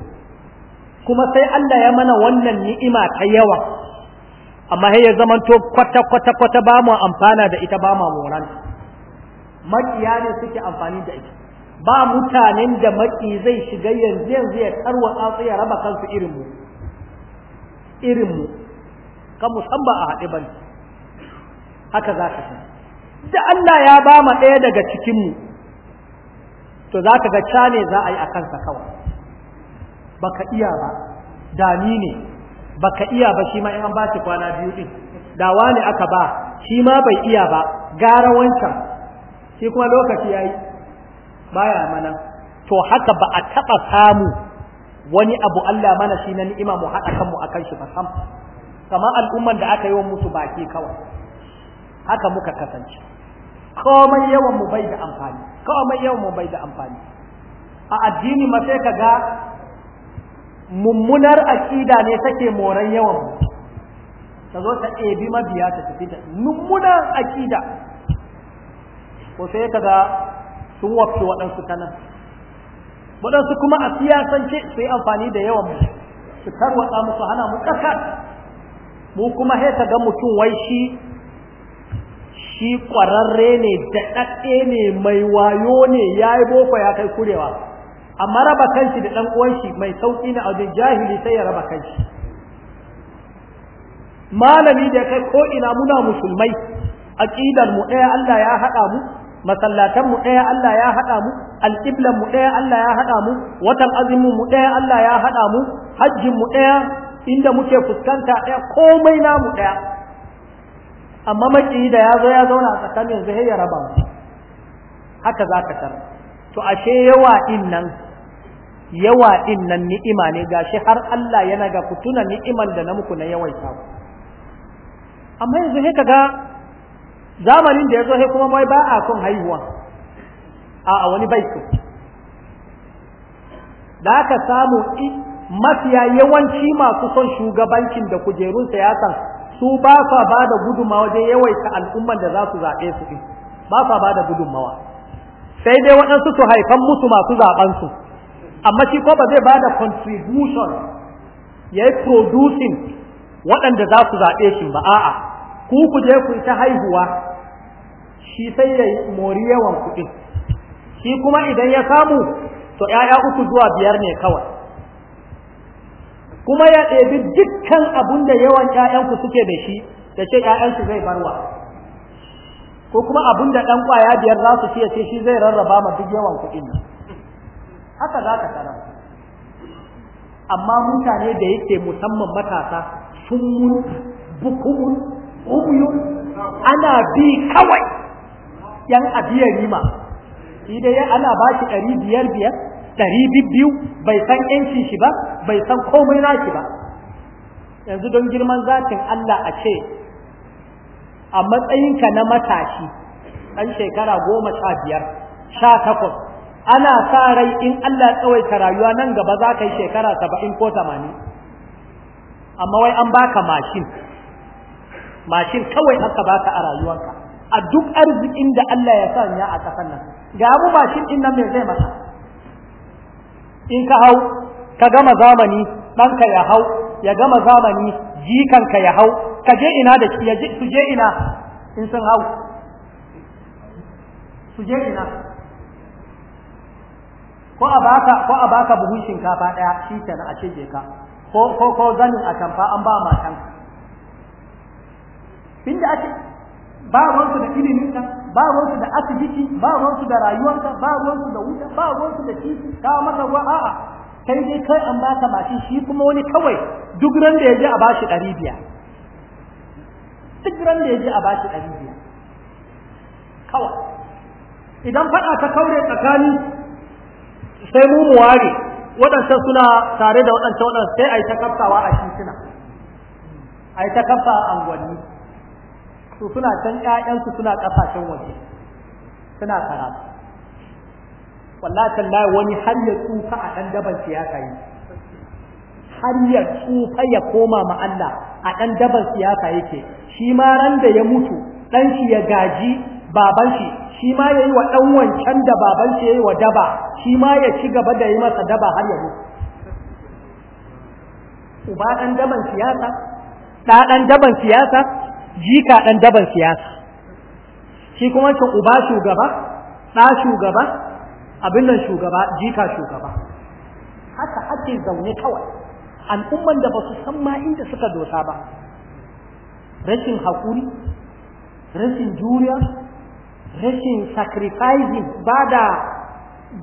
kuma sai Allah ya mana wannan ni'ima ta yawa amma sai ya zamanto kwata kwata kwata ba mu amfana da ita ba mu moran makiya ne suke amfani da ita ba mutanen da maki zai shiga yanzu yanzu ya karwa su ya raba kansu irin mu irin mu kan musamman a haɗe bane haka za ka da Allah ya ba ma ɗaya daga cikinmu to za ka ga ca ne za a yi a kansa kawai baka iya ba dami ne baka iya ba shi ma in an ba shi kwana biyu din da wani aka ba shi ma bai iya ba gara wancan shi kuma lokaci ya yi. baya mana to haka ba a taɓa samu wani abu Allah mana shi na ni'ima mu haɗa kanmu a shi ba sam kama al'umman da aka yi wa musu baki kawai haka muka kasance komai yawan mu bai da amfani komai yawan mu bai da amfani a addini ma sai ka ga mummunar aƙida ne take moran yawan mu ta zo ta ebi mabiya ta tafi da mummunar aƙida ko sai ka ga sun wafce waɗansu kanan waɗansu kuma a siyasance su yi amfani da yawan mu su tarwatsa musu hana mu ƙasa mu kuma sai ga mutum wai shi shi ƙwararre ne daɗaɗɗe ne mai wayo ne ya yi boko ya kai kurewa amma raba kanshi da ɗan uwanshi shi mai sauƙi na wajen jahili sai ya raba kanshi malami da ya kai ko ina muna musulmai aqidar mu ɗaya Allah ya haɗa mu masallatan mu ɗaya Allah ya haɗa mu alƙiblan mu ɗaya Allah ya haɗa mu watan azumin mu ɗaya Allah ya haɗa mu hajjin mu ɗaya inda muke fuskanta ɗaya komai namu ɗaya amma maƙiyi da ya zo ya zauna a tsakanin yanzu ya raba haka za ka tar to ashe yawa din nan yawa din nan ni'ima ne gashi har Allah yana ga kutuna ni'iman da na muku na yawaita ku amma yanzu sai kaga zamanin da ya zo sai kuma wai ba a son haihuwa a a wani bai da aka samu mafiya yawanci masu son shugabancin da kujerun siyasa su ba sa ba da gudunmawa wajen yawaita al'umman da za su zaɓe su ɗin ba sa ba da gudunmawa sai dai waɗansu su haifan musu masu zaɓansu. amma shi ko ba zai ba da contribution ya yi producing waɗanda za su zaɓe shi ba a'a ku kuje je ku ta haihuwa shi sai ya mori yawan kuɗi shi kuma idan ya samu to ‘ya'ya uku zuwa biyar ne kawai kuma ya ɗebi dukkan abun da yawan ‘ya'yanku suke da shi da ce ‘ya'yansu zai barwa ko kuma abun da ɗan ƙwaya biyar za su ya ce shi zai rarraba ma duk yawan kuɗin haka za ka tsara amma mutane da yake musamman matasa sun mun bukumun ubuyun ana bi kawai yan abiya rima shi dai ana ba shi ɗari biyar biyar ɗari biyu bai san yanci shi ba bai san komai shi ba yanzu don girman zatin Allah a ce a matsayinka na matashi ɗan shekara goma sha biyar sha takwas ana sa rai in Allah tsawaita rayuwa nan gaba za ka yi shekara saba'in ko tamanin amma wai an baka mashin mashin kawai aka baka a rayuwarka a duk arzikin da Allah ya sanya a ƙasar nan ga abu shi din nan me zai masa in ka hau ka gama zamani ɗanka ya hau ya gama zamani jikanka ya hau ka je ina da ya je su je ina in sun hau su je ina ko a baka ko a baka buhun shinkafa ɗaya shi kenan a ce ka ko ko ko zanin atamfa an ba kan inda ake ba ruwansu da ilimin ka ba ruwansu da asibiti ba ruwansu da rayuwarka ba ruwansu da wuta ba ruwansu da titi ka maka ruwa a'a kai dai kai an baka mashi shi kuma wani kawai duk ran da ya je a bashi 500 duk ran da yaje a bashi ɗari biyar kawai idan faɗa ta kaure tsakani sai mu mu wage waɗancan suna tare da waɗancan waɗancan sai a yi ta kaffawa a shi suna ai ta kaffa a angwani to suna can ƴaƴansu suna ƙasashen waje suna karatu wallahi tallahi wani har ya tsufa a ɗan daban siyasa yi har ya tsufa ya koma ma Allah a ɗan daban siyasa yake shi ma ran da ya mutu ɗan shi ya gaji baban shi shi ma ya yi wa ɗan wancan da baban shi ya yi wa daba shi ma ya ci gaba da yi masa daba har ya mutu uba ɗan daban siyasa ɗa ɗan daban siyasa jika ɗan daban siyasa shi kuma ce uba shugaba ɗa shugaba abin nan shugaba jika shugaba haka ake zaune kawai al'umman da ba su san ma inda suka dosa ba rashin haƙuri rashin juriya rashin sacrificing ba da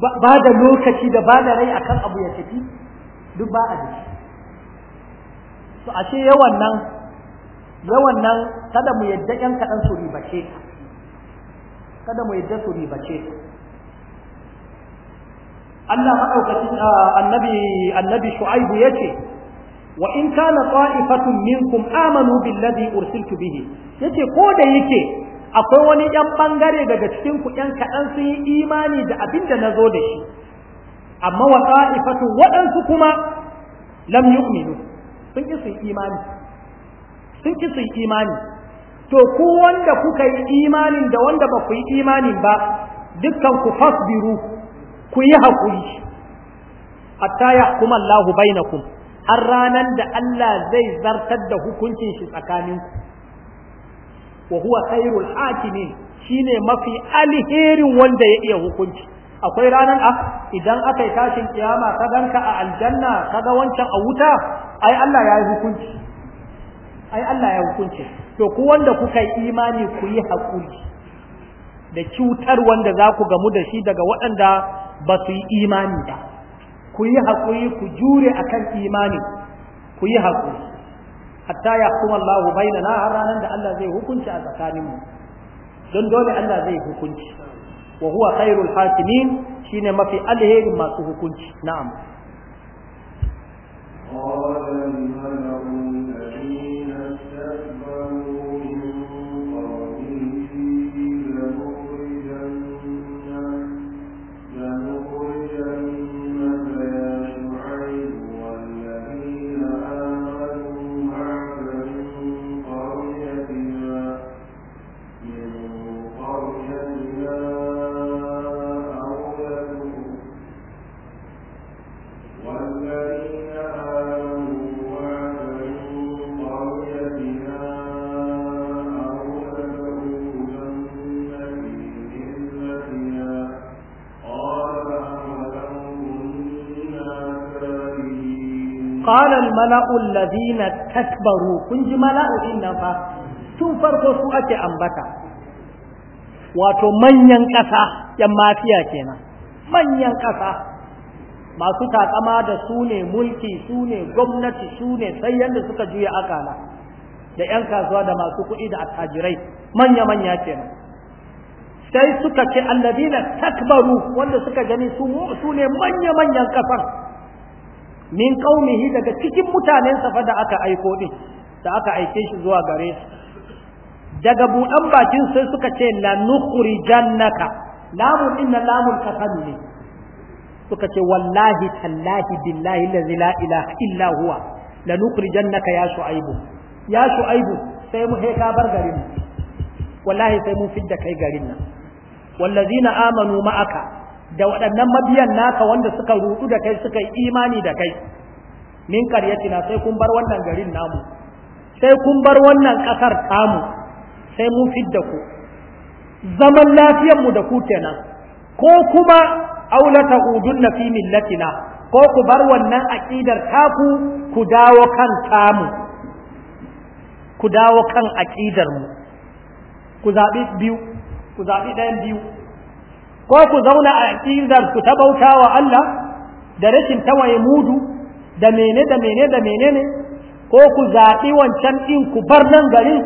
ba da lokaci da ba da rai akan abu ya tafi duk ba a da shi to ashe yawan nan yawan nan kada mu yadda ƴan kaɗan su ribace ta, kada mu yadda su ribace ta. Allah maɗaukacin annabi annabi Shu'aibu yace wa in kana ta'ifatun minkum amanu billadhi ursiltu bihi yace ko da yake akwai wani ƴan bangare daga cikin ku ƴan kaɗan sun yi imani da abin da na zo da shi amma wa ta'ifatun waɗansu kuma lam yu'minu sun ƙi su imani sun ki su yi imani to ku wanda kuka yi imanin da wanda ba ku yi imanin ba dukkan ku fasbiru ku yi haƙuri hatta kuma Allahu bainakum an ranar da Allah zai zartar da hukuncin shi tsakaninku wa huwa khairul hakimin shine mafi alherin wanda ya iya hukunci akwai ranar a ah, idan aka yi tashin kiyama ka ganka a aljanna ka ga wancan a wuta ai Allah ya yi hukunci ai Allah ya hukunce to ku wanda kuka yi imani ku yi hakuri da cutar wanda za ku gamu da shi daga waɗanda ba su yi imani ba ku yi hakuri ku jure akan imani ku yi hakuri hatta ya kuma Allah na har ranar da Allah zai hukunci a tsakaninmu don dole Allah zai hukunci wa huwa khairul hakimin shine mafi alherin masu hukunci na'am mala'ul ladina takbaru kun ji mala'u fa tun farko su ake ambata wato manyan ƙasa yan mafiya kenan manyan ƙasa masu takama da su ne mulki su ne gwamnati su ne sai yadda suka juya akala da 'yan kasuwa da masu kuɗi da attajirai manya-manya kenan sai suka ce alladina takbaru wanda suka gani su ne manya-manyan kasar min qaumihi daga cikin mutanensa safa da aka aiko din da aka aike shi zuwa gare su daga buɗan bakin sai suka ce la nukhrijannaka lamun inna lamun kasami suka ce wallahi tallahi billahi allazi la ilaha illa huwa la nukhrijannaka ya shu'aibu ya shu'aibu sai mu he ka bar garin wallahi sai mun fidda kai garin nan wallazina amanu ma'aka da waɗannan mabiyan naka wanda suka rutu da kai suka yi imani da kai min karyatina sai kun bar wannan garin namu sai kun bar wannan ƙasar tamu sai mun fidda ku zaman mu da ku kenan ko kuma aulata udun na fi millatina ko ku bar wannan aƙidar taku ku dawo kan tamu ku dawo kan aƙidar mu ku zaɓi biyu ku zaɓi ɗayan biyu ko ku zauna a aqidar ku ta wa Allah da rashin tawaye mudu da mene da mene da menene ko ku zaɓi wancan ɗin ku bar nan gari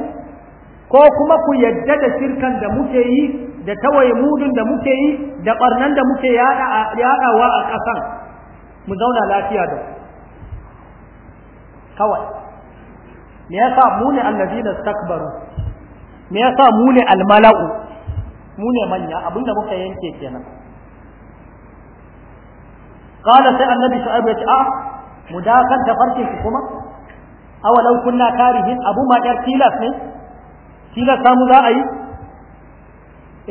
ko kuma ku yadda da shirkan da muke yi da tawaye mudun da muke yi da ɓarnan da muke yaɗawa a ƙasan mu zauna lafiya da kawai me yasa mu ne da stakbaru me yasa mu ne almala'u mu ne manya abinda muka yanke kenan qala sai annabi shu'aib ya ce a ah, mu dakan da farkin ku kuma awalan kunna tarihin abu ma dar tilas ne tilas samu za a yi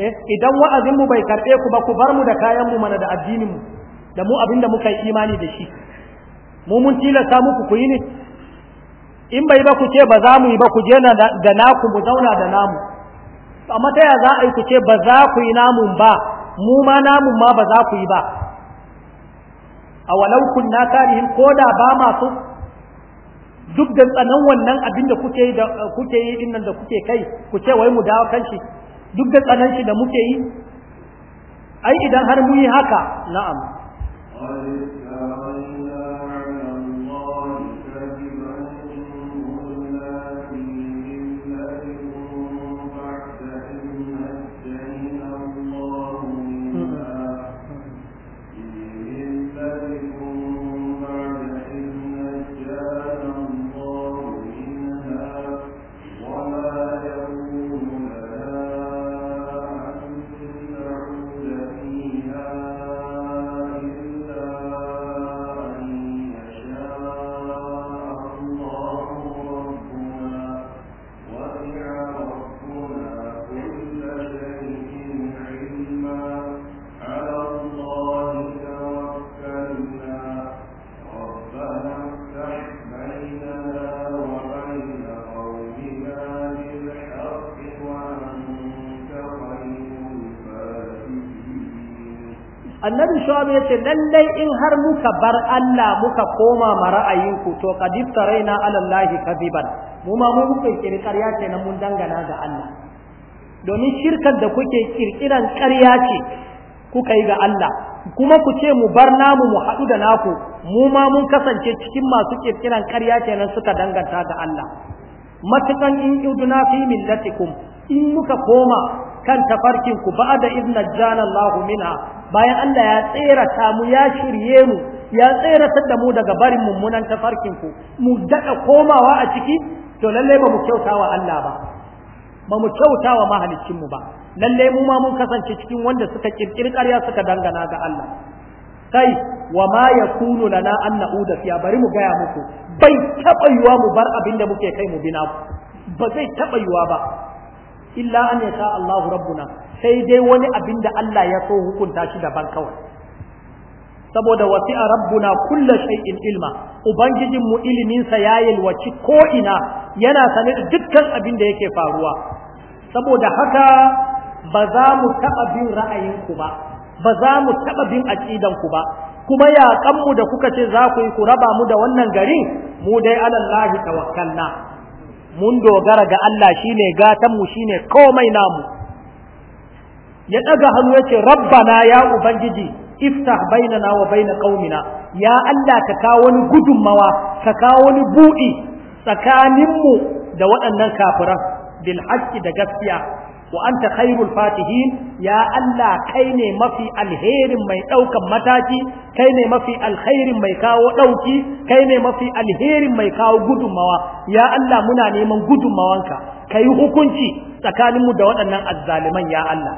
eh idan wa'azin mu bai karbe ku ba ku bar mu da kayan mu mana da addinin mu da mu abinda muka yi imani da shi mu mun tilasta muku ku yi ne in bai ba ku ce ba za mu yi ba ku je da naku mu zauna da namu amma ta za a yi ku ce ba za ku yi namun ba mu ma namun ma ba za ku yi ba a walau kunna karihin ko da ba masu duk da tsanan wannan abin da kuke yi kuke yi din nan da kuke kai ku ce wai mu dawo kan shi duk da tsanan shi da muke yi ai idan har mu yi haka na'am annabi ya ce lallai in har muka bar Allah muka koma ma ra'ayinku to qad iftaraina ala Allah mu ma mu kirkiri ƙarya ce nan mun dangana ga Allah domin shirkan da kuke kirkiran ƙarya ce kuka yi ga Allah kuma ku ce mu bar namu mu haɗu da naku mu ma mun kasance cikin masu kirkiran ƙarya ce nan suka danganta ga Allah matukan in iduna fi millatikum in muka koma kan tafarkinku, ku ba da idna jana Allah minha bayan Allah ya tsera mu ya shirye mu ya tseratar da mu daga barin mummunan tafarkin ku mu daɗa komawa a ciki to lalle ba mu kyauta wa Allah ba ba mu kyauta wa mahaliccin mu ba lalle mu ma mun kasance cikin wanda suka kirkiri ƙarya suka dangana ga Allah kai wa ma yakunu lana an na'uda fiya bari mu gaya muku bai taɓa yiwa mu bar abin da muke kai mu bina ba zai taɓa yiwa ba illa an yasha Allahu rabbuna sai dai wani abin da Allah ya so hukunta shi daban kawai saboda wasi'a rabbuna kulla shay'in ilma ubangijin mu ilimin sa ya yalwaci ko ina yana sane da dukkan abin da yake faruwa saboda haka ba za mu taɓa bin ra'ayinku ba ba za mu taɓa bin aƙidanku ba kuma yaƙanmu da kuka ce za ku yi ku raba mu da wannan garin mu dai alallahi tawakkalna mun dogara ga Allah shine gatanmu shine komai namu ya ɗaga hannu ya ce rabbana ya ubangiji iftah bainana wa baina qaumina ya Allah ka kawo wani gudunmawa ka kawo wani buɗi tsakaninmu da waɗannan kafiran bil haqqi da gaskiya wa anta khairul fatihin ya Allah kai ne mafi alherin mai ɗaukan mataki kai ne mafi alherin mai kawo ɗauki kai ne mafi alherin mai kawo gudunmawa ya Allah muna neman gudunmawanka ka yi hukunci tsakaninmu da waɗannan azzaliman ya Allah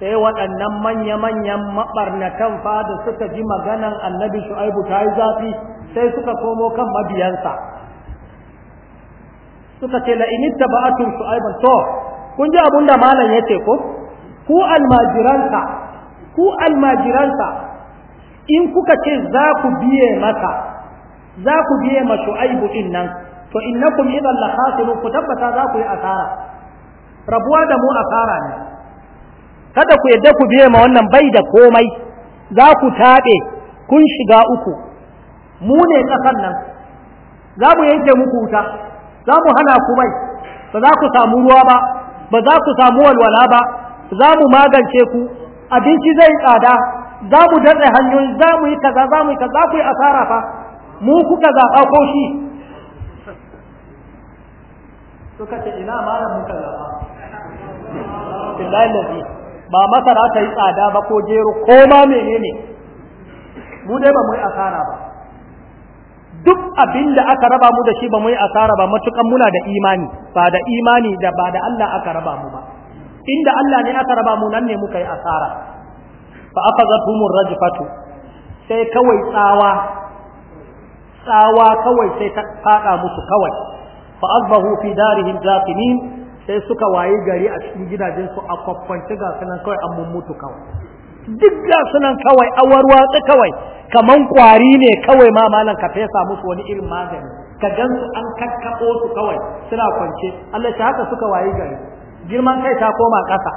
sai waɗannan manya-manyan maɓarnatan fada suka ji maganan annabi shu'aibu ta yi zafi sai suka komo kan mabiyansa suka ce inita ba a tun shu'aibu to kun ji abin da malam ya ce ko ku almajiranta ku almajiranta in kuka ce za ku biye masa za ku biye ma shu'aibu din nan to innakum idan la khasirun ku tabbata za ku yi asara rabuwa da mu asara ne kada ku yadda ku biye ma wannan bai da komai za ku taɓe kun shiga uku mu ne ƙasar nan za mu yanke muku wuta za mu hana ku mai ba za ku samu ruwa ba ba za ku samu walwala ba za mu magance ku abinci zai tsada za mu daɗe hanyoyi za mu yi kaza za mu yi kaza ku yi asara fa mu kuka zaɓa ko shi suka ce ina malam muka zaɓa billahi ba masara ta yi tsada ba ko gero ko ma menene mu dai ba mu yi asara ba duk abin da aka raba mu da shi ba mu yi asara ba matukan muna da imani ba da imani da ba da Allah aka raba mu ba inda Allah ne aka raba mu nan ne muka yi asara fa akhadhatuhumur rajfatu sai kawai tsawa tsawa kawai sai ta fada musu kawai fa azbahu fi darihim zaqimin sai suka wayi gari a cikin gidajensu a kwakwance ga sunan kawai an mummutu kawai duk ga sunan kawai awar watsa kawai kaman kwari ne kawai ma malam ka fesa musu wani irin magani ka gansu an kakkaɓo su kawai suna kwance Allah shi haka suka wayi gari girman kai ta koma ƙasa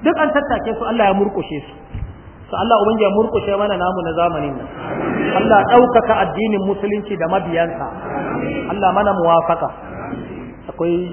duk an tattake su Allah ya murƙushe su to Allah ubangiji ya murƙushe mana namu na zamanin nan Allah ɗaukaka addinin musulunci da mabiyansa Allah mana muwafaka akwai